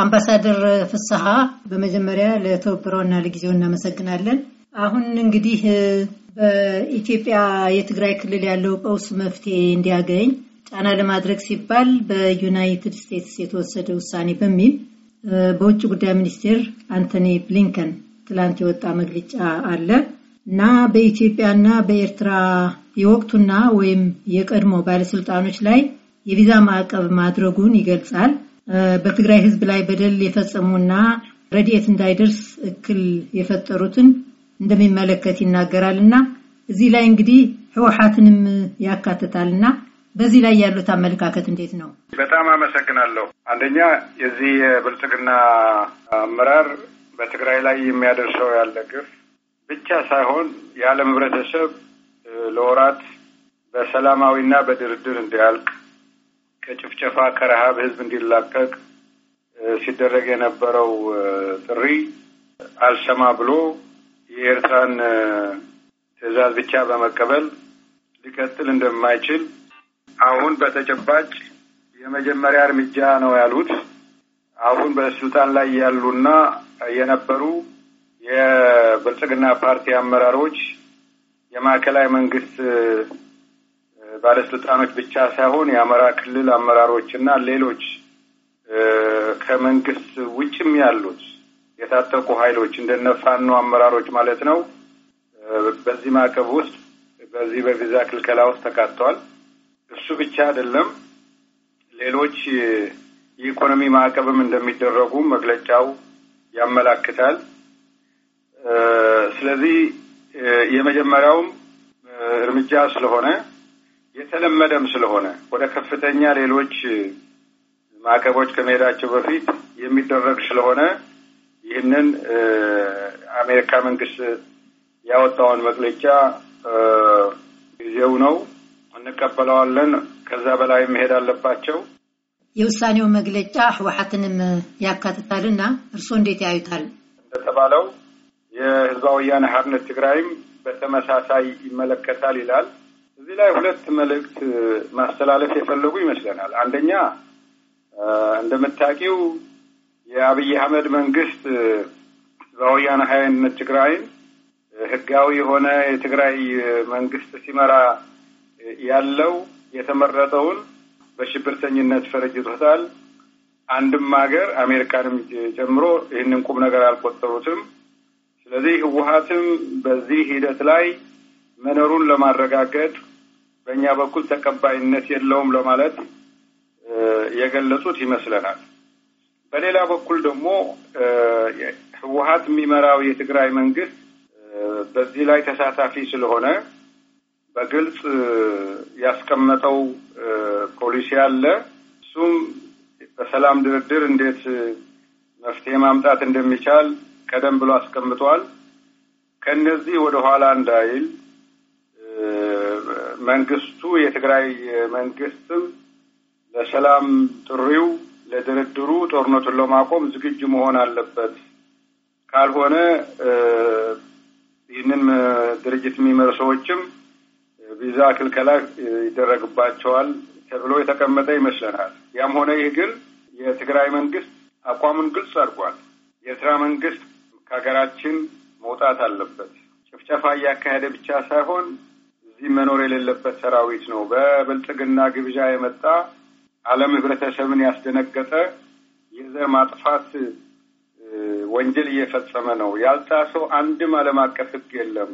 አምባሳደር ፍስሐ በመጀመሪያ ለትብብሮና ለጊዜው እናመሰግናለን። አሁን እንግዲህ በኢትዮጵያ የትግራይ ክልል ያለው ቀውስ መፍትሄ እንዲያገኝ ጫና ለማድረግ ሲባል በዩናይትድ ስቴትስ የተወሰደ ውሳኔ በሚል በውጭ ጉዳይ ሚኒስቴር አንቶኒ ብሊንከን ትላንት የወጣ መግለጫ አለ እና በኢትዮጵያና በኤርትራ የወቅቱና ወይም የቀድሞ ባለስልጣኖች ላይ የቪዛ ማዕቀብ ማድረጉን ይገልጻል። በትግራይ ህዝብ ላይ በደል የፈጸሙና ረድኤት እንዳይደርስ እክል የፈጠሩትን እንደሚመለከት ይናገራል እና እዚህ ላይ እንግዲህ ህወሓትንም ያካትታል እና በዚህ ላይ ያሉት አመለካከት እንዴት ነው? በጣም አመሰግናለሁ። አንደኛ የዚህ የብልጽግና አመራር በትግራይ ላይ የሚያደርሰው ያለ ግፍ ብቻ ሳይሆን የዓለም ህብረተሰብ ለወራት በሰላማዊና በድርድር እንዲያልቅ ከጭፍጨፋ ከረሃብ ህዝብ እንዲላቀቅ ሲደረግ የነበረው ጥሪ አልሰማ ብሎ የኤርትራን ትዕዛዝ ብቻ በመቀበል ሊቀጥል እንደማይችል አሁን በተጨባጭ የመጀመሪያ እርምጃ ነው ያሉት። አሁን በስልጣን ላይ ያሉና የነበሩ የብልጽግና ፓርቲ አመራሮች የማዕከላዊ መንግስት ባለስልጣኖች ብቻ ሳይሆን የአማራ ክልል አመራሮች እና ሌሎች ከመንግስት ውጭም ያሉት የታጠቁ ኃይሎች እንደነ አመራሮች ማለት ነው። በዚህ ማዕቀብ ውስጥ በዚህ በቪዛ ክልከላ ውስጥ ተካተዋል። እሱ ብቻ አይደለም፣ ሌሎች የኢኮኖሚ ማዕቀብም እንደሚደረጉ መግለጫው ያመላክታል። ስለዚህ የመጀመሪያውም እርምጃ ስለሆነ የተለመደም ስለሆነ ወደ ከፍተኛ ሌሎች ማዕቀቦች ከመሄዳቸው በፊት የሚደረግ ስለሆነ ይህንን አሜሪካ መንግስት ያወጣውን መግለጫ ጊዜው ነው እንቀበለዋለን። ከዛ በላይ መሄድ አለባቸው። የውሳኔው መግለጫ ያካትታል ያካትታልና እርስዎ እንዴት ያዩታል? እንደተባለው የህዝባዊ ወያነ ሓርነት ትግራይም በተመሳሳይ ይመለከታል ይላል። እዚህ ላይ ሁለት መልእክት ማስተላለፍ የፈለጉ ይመስለናል። አንደኛ እንደምታውቂው የአብይ አህመድ መንግስት በወያነ ሀይነት ትግራይን ህጋዊ የሆነ የትግራይ መንግስት ሲመራ ያለው የተመረጠውን በሽብርተኝነት ፈረጅቶታል። አንድም ሀገር አሜሪካንም ጨምሮ ይህንን ቁም ነገር አልቆጠሩትም። ስለዚህ ህወሀትም በዚህ ሂደት ላይ መኖሩን ለማረጋገጥ በእኛ በኩል ተቀባይነት የለውም ለማለት የገለጹት ይመስለናል። በሌላ በኩል ደግሞ ህወሀት የሚመራው የትግራይ መንግስት በዚህ ላይ ተሳታፊ ስለሆነ በግልጽ ያስቀመጠው ፖሊሲ አለ። እሱም በሰላም ድርድር እንዴት መፍትሄ ማምጣት እንደሚቻል ቀደም ብሎ አስቀምጧል። ከእነዚህ ወደ ኋላ እንዳይል መንግስቱ የትግራይ መንግስትም ለሰላም ጥሪው ለድርድሩ ጦርነቱን ለማቆም ዝግጁ መሆን አለበት። ካልሆነ ይህንን ድርጅት የሚመሩ ሰዎችም ቪዛ ክልከላ ይደረግባቸዋል ተብሎ የተቀመጠ ይመስለናል። ያም ሆነ ይህ ግን የትግራይ መንግስት አቋሙን ግልጽ አድርጓል። የኤርትራ መንግስት ከሀገራችን መውጣት አለበት። ጭፍጨፋ እያካሄደ ብቻ ሳይሆን እዚህ መኖር የሌለበት ሰራዊት ነው። በብልጽግና ግብዣ የመጣ ዓለም ህብረተሰብን ያስደነገጠ የዘር ማጥፋት ወንጀል እየፈጸመ ነው። ያልጣሰው አንድም ዓለም አቀፍ ህግ የለም።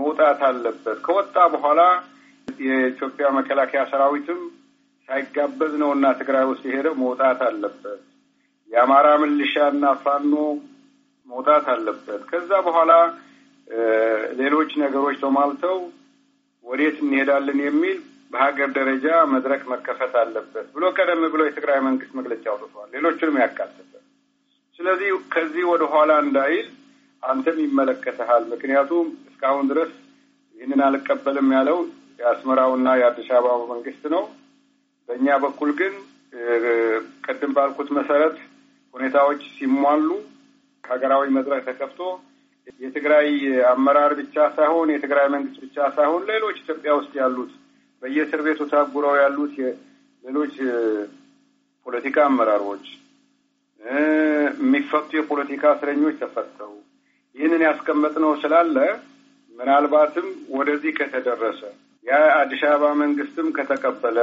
መውጣት አለበት። ከወጣ በኋላ የኢትዮጵያ መከላከያ ሰራዊትም ሳይጋበዝ ነው እና ትግራይ ውስጥ የሄደው መውጣት አለበት። የአማራ ምልሻ እና ፋኖ መውጣት አለበት። ከዛ በኋላ ሌሎች ነገሮች ተሟልተው ወዴት እንሄዳለን የሚል በሀገር ደረጃ መድረክ መከፈት አለበት ብሎ ቀደም ብሎ የትግራይ መንግስት መግለጫ አውጥቷል። ሌሎችንም ያካተተ። ስለዚህ ከዚህ ወደ ኋላ እንዳይል አንተም ይመለከተሃል። ምክንያቱም እስካሁን ድረስ ይህንን አልቀበልም ያለው የአስመራውና የአዲስ አበባው መንግስት ነው። በእኛ በኩል ግን ቅድም ባልኩት መሰረት ሁኔታዎች ሲሟሉ ሀገራዊ መድረክ ተከፍቶ የትግራይ አመራር ብቻ ሳይሆን የትግራይ መንግስት ብቻ ሳይሆን ሌሎች ኢትዮጵያ ውስጥ ያሉት በየእስር ቤቱ ታጉረው ያሉት ሌሎች ፖለቲካ አመራሮች የሚፈቱ የፖለቲካ እስረኞች ተፈተው ይህንን ያስቀመጥነው ስላለ ምናልባትም ወደዚህ ከተደረሰ የአዲስ አበባ መንግስትም ከተቀበለ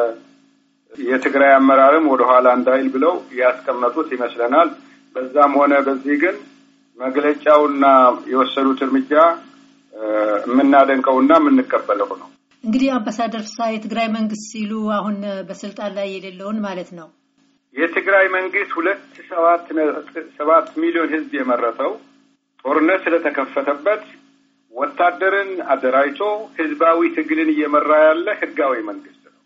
የትግራይ አመራርም ወደኋላ እንዳይል ብለው ያስቀመጡት ይመስለናል። በዛም ሆነ በዚህ ግን መግለጫውና የወሰዱት እርምጃ የምናደንቀውና የምንቀበለው ነው። እንግዲህ አምባሳደር ፍስሀ የትግራይ መንግስት ሲሉ አሁን በስልጣን ላይ የሌለውን ማለት ነው። የትግራይ መንግስት ሁለት ሰባት ነጥብ ሰባት ሚሊዮን ህዝብ የመረጠው ጦርነት ስለተከፈተበት ወታደርን አደራጅቶ ህዝባዊ ትግልን እየመራ ያለ ህጋዊ መንግስት ነው።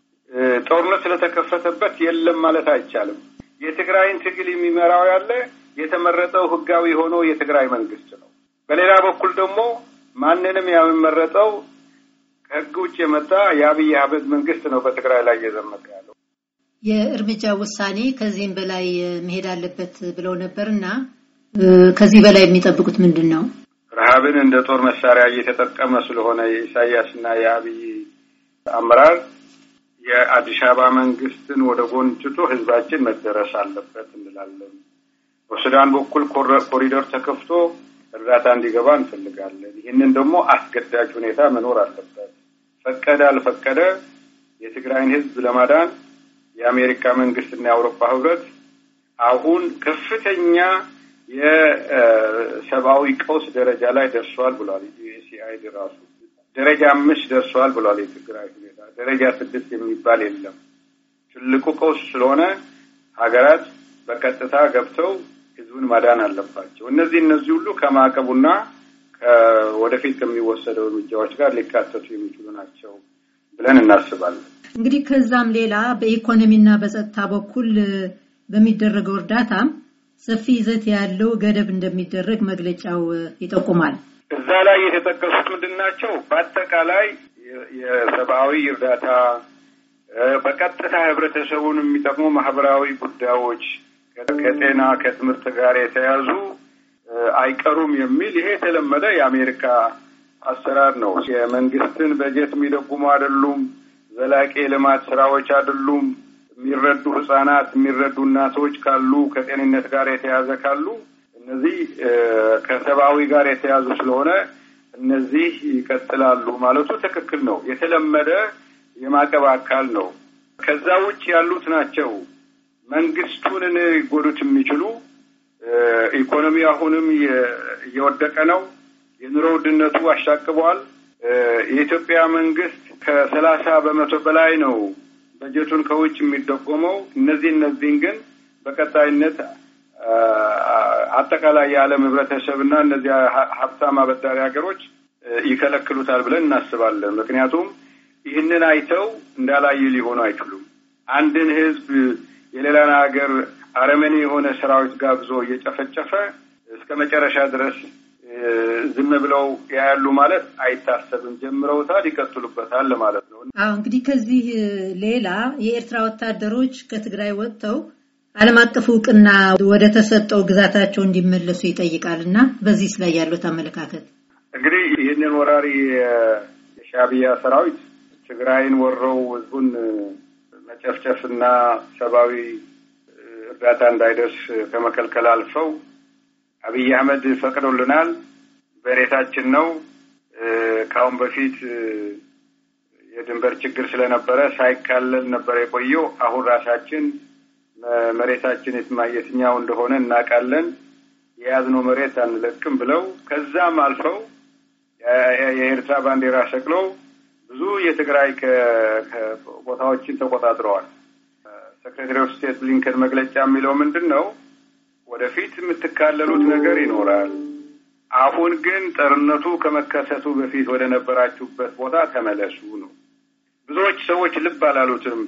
ጦርነት ስለተከፈተበት የለም ማለት አይቻልም። የትግራይን ትግል የሚመራው ያለ የተመረጠው ህጋዊ ሆኖ የትግራይ መንግስት ነው። በሌላ በኩል ደግሞ ማንንም የሚመረጠው ከህግ ውጭ የመጣ የአብይ አህመድ መንግስት ነው በትግራይ ላይ እየዘመቀ ያለው። የእርምጃ ውሳኔ ከዚህም በላይ መሄድ አለበት ብለው ነበር እና ከዚህ በላይ የሚጠብቁት ምንድን ነው? ረሃብን እንደ ጦር መሳሪያ እየተጠቀመ ስለሆነ የኢሳያስና የአብይ አመራር የአዲስ አበባ መንግስትን ወደ ጎን ትቶ ህዝባችን መደረስ አለበት እንላለን። በሱዳን በኩል ኮሪደር ተከፍቶ እርዳታ እንዲገባ እንፈልጋለን። ይህንን ደግሞ አስገዳጅ ሁኔታ መኖር አለበት። ፈቀደ አልፈቀደ የትግራይን ህዝብ ለማዳን የአሜሪካ መንግስትና የአውሮፓ ህብረት አሁን ከፍተኛ የሰብአዊ ቀውስ ደረጃ ላይ ደርሷል ብሏል። ዩኤስኤአይዲ ራሱ ደረጃ አምስት ደርሷል ብሏል። የትግራይ ሁኔታ ደረጃ ስድስት የሚባል የለም። ትልቁ ቀውስ ስለሆነ ሀገራት በቀጥታ ገብተው ህዝቡን ማዳን አለባቸው። እነዚህ እነዚህ ሁሉ ከማዕቀቡና ወደፊት ከሚወሰደው እርምጃዎች ጋር ሊካተቱ የሚችሉ ናቸው ብለን እናስባለን። እንግዲህ ከዛም ሌላ በኢኮኖሚና በጸጥታ በኩል በሚደረገው እርዳታ ሰፊ ይዘት ያለው ገደብ እንደሚደረግ መግለጫው ይጠቁማል። እዛ ላይ የተጠቀሱት ምንድን ናቸው? በአጠቃላይ የሰብአዊ እርዳታ፣ በቀጥታ ህብረተሰቡን የሚጠቅሙ ማህበራዊ ጉዳዮች ከጤና ከትምህርት ጋር የተያዙ አይቀሩም የሚል ይሄ የተለመደ የአሜሪካ አሰራር ነው። የመንግስትን በጀት የሚደጉሙ አይደሉም። ዘላቂ የልማት ስራዎች አይደሉም። የሚረዱ ህጻናት፣ የሚረዱ እናቶች ካሉ ከጤንነት ጋር የተያዘ ካሉ እነዚህ ከሰብአዊ ጋር የተያዙ ስለሆነ እነዚህ ይቀጥላሉ ማለቱ ትክክል ነው። የተለመደ የማዕቀብ አካል ነው። ከዛ ውጭ ያሉት ናቸው መንግስቱን ሊጎዱት የሚችሉ ኢኮኖሚ አሁንም እየወደቀ ነው። የኑሮ ውድነቱ አሻቅቧል። የኢትዮጵያ መንግስት ከሰላሳ በመቶ በላይ ነው በጀቱን ከውጭ የሚደጎመው። እነዚህ እነዚህን ግን በቀጣይነት አጠቃላይ የዓለም ህብረተሰብና እነዚያ ሀብታም አበዳሪ ሀገሮች ይከለክሉታል ብለን እናስባለን። ምክንያቱም ይህንን አይተው እንዳላየ ሊሆኑ አይችሉም። አንድን ህዝብ የሌላን ሀገር አረመኔ የሆነ ሰራዊት ጋብዞ እየጨፈጨፈ እስከ መጨረሻ ድረስ ዝም ብለው ያያሉ ማለት አይታሰብም። ጀምረውታል፣ ይቀጥሉበታል ማለት ነው። አዎ እንግዲህ ከዚህ ሌላ የኤርትራ ወታደሮች ከትግራይ ወጥተው ዓለም አቀፍ እውቅና ወደ ተሰጠው ግዛታቸው እንዲመለሱ ይጠይቃል እና በዚህ ላይ ያሉት አመለካከት እንግዲህ ይህንን ወራሪ የሻዕቢያ ሰራዊት ትግራይን ወረው ህዝቡን እና ሰብአዊ እርዳታ እንዳይደርስ ከመከልከል አልፈው አብይ አህመድ ፈቅዶልናል፣ በሬታችን ነው። ከአሁን በፊት የድንበር ችግር ስለነበረ ሳይካለል ነበር የቆየው። አሁን ራሳችን መሬታችን የትኛው እንደሆነ እናውቃለን፣ የያዝነው መሬት አንለቅም ብለው ከዛም አልፈው የኤርትራ ባንዲራ ሰቅለው ብዙ የትግራይ ቦታዎችን ተቆጣጥረዋል። ሴክሬታሪ ኦፍ ስቴት ብሊንከን መግለጫ የሚለው ምንድን ነው? ወደፊት የምትካለሉት ነገር ይኖራል። አሁን ግን ጦርነቱ ከመከሰቱ በፊት ወደ ነበራችሁበት ቦታ ተመለሱ ነው። ብዙዎች ሰዎች ልብ አላሉትም።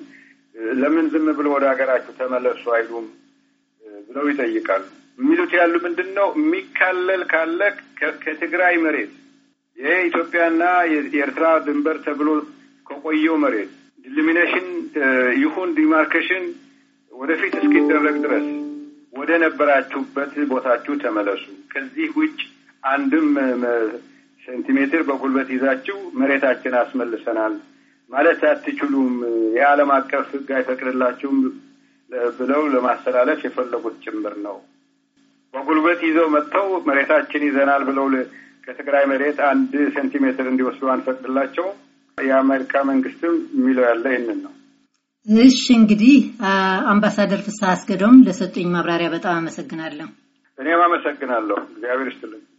ለምን ዝም ብሎ ወደ ሀገራችሁ ተመለሱ አይሉም ብለው ይጠይቃሉ። የሚሉት ያሉ ምንድን ነው የሚካለል ካለ ከትግራይ መሬት የኢትዮጵያና የኤርትራ ድንበር ተብሎ ከቆየው መሬት ዲሊሚኔሽን ይሁን ዲማርኬሽን ወደፊት እስኪደረግ ድረስ ወደ ነበራችሁበት ቦታችሁ ተመለሱ። ከዚህ ውጭ አንድም ሴንቲሜትር በጉልበት ይዛችሁ መሬታችን አስመልሰናል ማለት አትችሉም፣ የዓለም አቀፍ ሕግ አይፈቅድላችሁም ብለው ለማስተላለፍ የፈለጉት ጭምር ነው። በጉልበት ይዘው መጥተው መሬታችን ይዘናል ብለው ከትግራይ መሬት አንድ ሴንቲሜትር እንዲወስዱ አንፈቅድላቸው። የአሜሪካ መንግስትም የሚለው ያለ ይህንን ነው። እሺ እንግዲህ አምባሳደር ፍስሐ አስገዶም ለሰጡኝ ማብራሪያ በጣም አመሰግናለሁ። እኔም አመሰግናለሁ። እግዚአብሔር ይስጥልኝ።